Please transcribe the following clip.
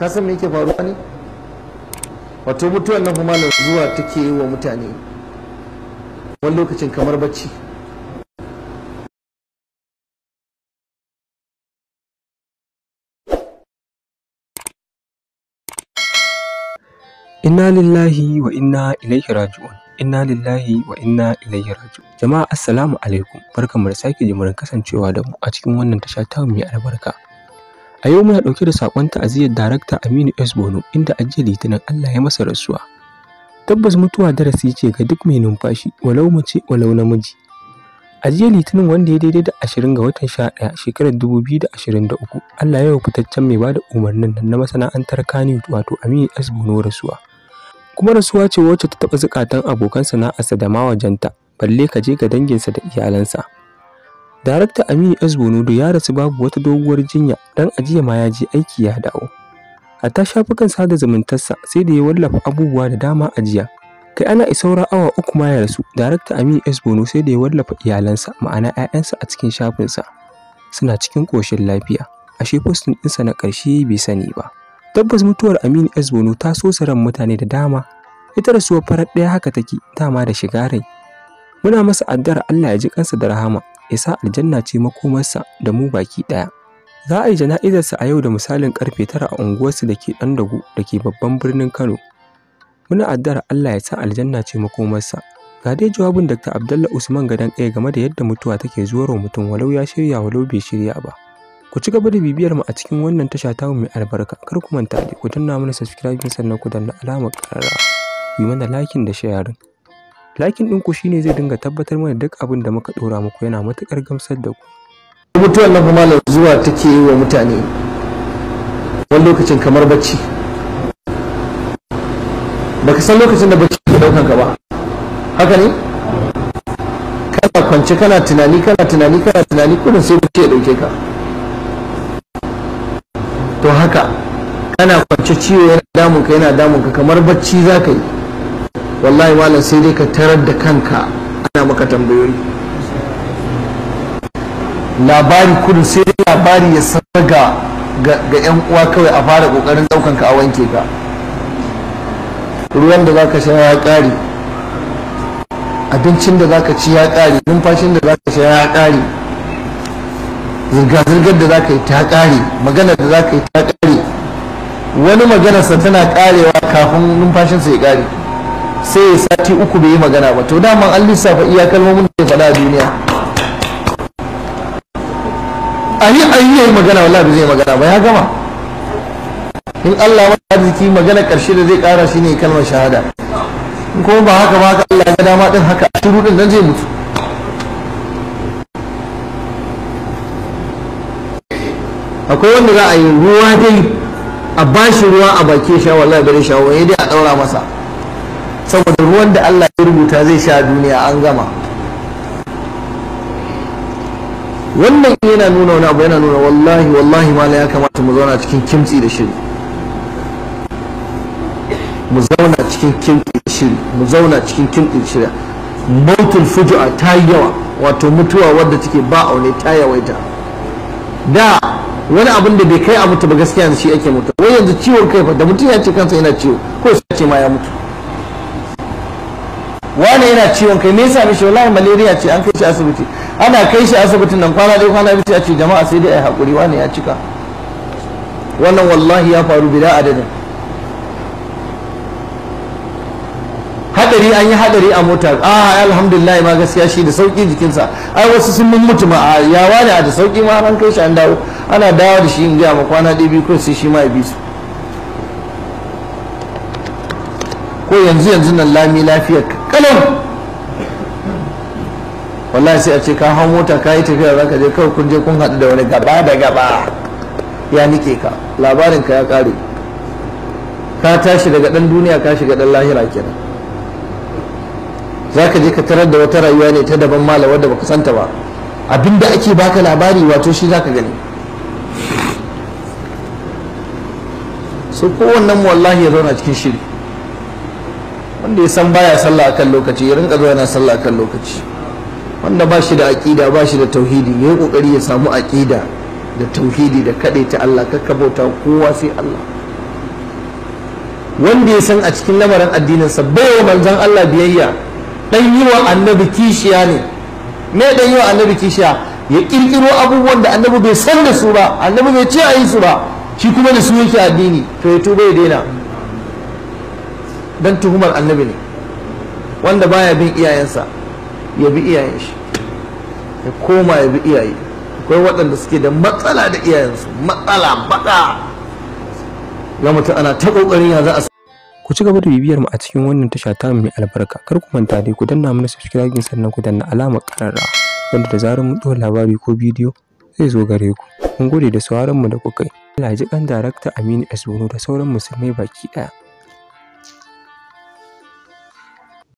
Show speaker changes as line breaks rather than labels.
kasan san me yake faruwa ne wato mutuwar nan kuma zuwa take yi wa mutane wani lokacin kamar bacci
Inna lillahi wa inna ilaihi raji'un. Inna lillahi wa inna ilaihi raji'un. Jama'a assalamu alaikum. Barkanmu da sake jimurin kasancewa da mu a cikin wannan tasha ta mai albarka. A yau muna ɗauke da saƙon ta'aziyar Darakta Aminu S. Bono inda ajiya Litinin Allah ya masa rasuwa. Tabbas mutuwa darasi ce ga duk mai numfashi walau mace walau namiji. A jiya Litinin wanda ya daidai da ashirin ga watan ɗaya shekarar dubu biyu da da ashirin uku, Allah ya fitaccen mai bada umarnin nan na masana'antar kani wato Aminu S. Bono rasuwa. Kuma rasuwa ce wacce ta taɓa zukatan abokan sana'arsa da mawajanta balle ka je ga danginsa da iyalansa. Darakta Aminu S. do ya rasu babu wata doguwar jinya dan ajiya ma ya je aiki ya dawo. A ta shafukan sada zumuntarsa sai da ya wallafa abubuwa da dama ajiya Kai ana isaura awa uku ma ya rasu, Darakta Aminu S. sai da ya wallafa iyalansa ma'ana 'ya'yansa a cikin shafinsa. Suna cikin ƙoshin lafiya, ashe postin ɗinsa na ƙarshe bai sani ba. Tabbas mutuwar Aminu S. ta so ran mutane da dama. Ita rasuwar farar ɗaya haka take, dama da shiga rai. Muna masa addu'ar Allah ya ji kansa da rahama ya sa aljanna ce makomarsa da mu baki ɗaya. Za a yi jana'izarsa a yau da misalin karfe tara a unguwarsu da ke Ɗandago da ke babban birnin Kano. Muna addar Allah ya sa aljanna ce makomarsa. Ga dai jawabin Dr. Abdalla Usman Gadan ɗaya game da yadda mutuwa take zuwar mutum walau ya shirya walau bai shirya ba. Ku ci gaba da bibiyar mu a cikin wannan tasha ta mai albarka. Kar ku manta da ku danna mana subscribe sannan ku danna alamar ƙararrawa. Ku yi mana lakin da sharing. Lakin ɗinku shine zai dinga tabbatar mana duk abin da muka ɗora muku yana matuƙar gamsar da ku.
Mutuwar nan kuma zuwa take yi wa mutane wani lokacin kamar bacci. Baka san lokacin da bacci ke ɗaukan ka ba. Haka ne? Kana kwance kana tunani kana tunani kana tunani kudin sai bacci ya ɗauke ka. To haka kana kwance ciwo yana damunka yana damunka kamar bacci za ka yi. wallahi malam sai dai ka tarar da kanka ana maka tambayoyi labari kudu sai dai labari ya sarga ga yan uwa kawai a fara kokarin daukan ka a wanke ka ruwan da zaka sha ya kare abincin da zaka ci ya kare numfashin da zaka sha ya kare zirga-zirgar da zaka yi ta kare magana da zaka yi ta kare wani maganarsa tana karewa kafin numfashinsa ya kare sai ya sati uku bai yi magana ba to dama an lissafa iya kalmomin da faɗa a duniya A yi yayi magana wala bai zai magana ba ya gama in Allah ya ziki magana karshe da zai kara shine kalmar shahada in kuma ba haka ba haka Allah ya dama din haka shiru ɗin dan zai mutu akwai wanda za a yi ruwa dai a bashi ruwa a baki sha wallahi bare sha wani dai a daura masa saboda ruwan da Allah ya rubuta zai sha duniya an gama wannan yana nuna wani abu yana nuna wallahi wallahi ma ya kamata mu zauna cikin kimtsi da shiri mu zauna cikin kimtsi da shiri mu zauna cikin kimtsi da shiri mautul fujua ta yawa wato mutuwa wadda take ba aune ta yawaita da wani abin da bai kai a mutu ba gaskiya yanzu shi ake mutu wai yanzu ciwon kai fa da mutum ya ce kansa yana ciwo ko sai ce ma ya mutu wane yana ciwon kai me yasa mishi wallahi malaria ce an kai shi asibiti ana kai shi asibitin nan kwana dai kwana biyu a ce jama'a sai dai ai hakuri wane ya cika wannan wallahi ya faru bila adadin hadari an yi hadari a mota a ah, alhamdulillah ma gaskiya shi da sauki jikinsa ai wasu sun min mutu ma a a da sauki ma an kai shi an dawo ana dawo da shi in gaya ma kwana dai biyu ko sai shi ma ya bi su ko yanzu yanzu nan lami lafiyar kalam wallahi sai a ce ka hau mota ka yi tafiya za ka je kawai kun je kun haɗu da wani gaba da gaba ya nike ka labarin ka ya ƙare ka tashi daga ɗan duniya ka shiga ɗan lahira kenan za ka je ka tarar da wata rayuwa ne ta daban mala wadda baka santa ba abinda ake baka labari wato shi za ka gani su kowannen wallahi ya zauna cikin shiri wanda ya san baya sallah akan lokaci ya rinka zuwa yana sallah akan lokaci wanda ba shi da aƙida ba shi da tauhidi ya yi ƙoƙari ya samu aƙida da tauhidi da kaɗai ta Allah ka kabauta kowa sai Allah wanda ya san a cikin lamarin addininsa bai wa manzon Allah biyayya dan yi wa annabi kishiya ne me dan yi wa annabi kishiya ya kirkiro abubuwan da annabi bai san da su ba annabi bai ce a yi su ba shi kuma da su yake addini to ya tuba ya daina dan tuhumar annabi ne wanda baya bin iyayensa ya bi iyayen shi ya koma ya bi iyaye akwai waɗanda suke da matsala da iyayensu matsala baka
ga mutum ana ta ƙoƙarin ya za a ku ci gaba da bibiyar mu a cikin wannan tasha ta mai albarka kar ku manta dai ku danna mana subscribe sannan ku danna alamar ƙararra wanda da zarar mun ɗora labari ko bidiyo zai zo gare ku mun gode da sauraron mu da kuka yi Allah ji kan darakta Aminu Asbono da sauran musulmai baki ɗaya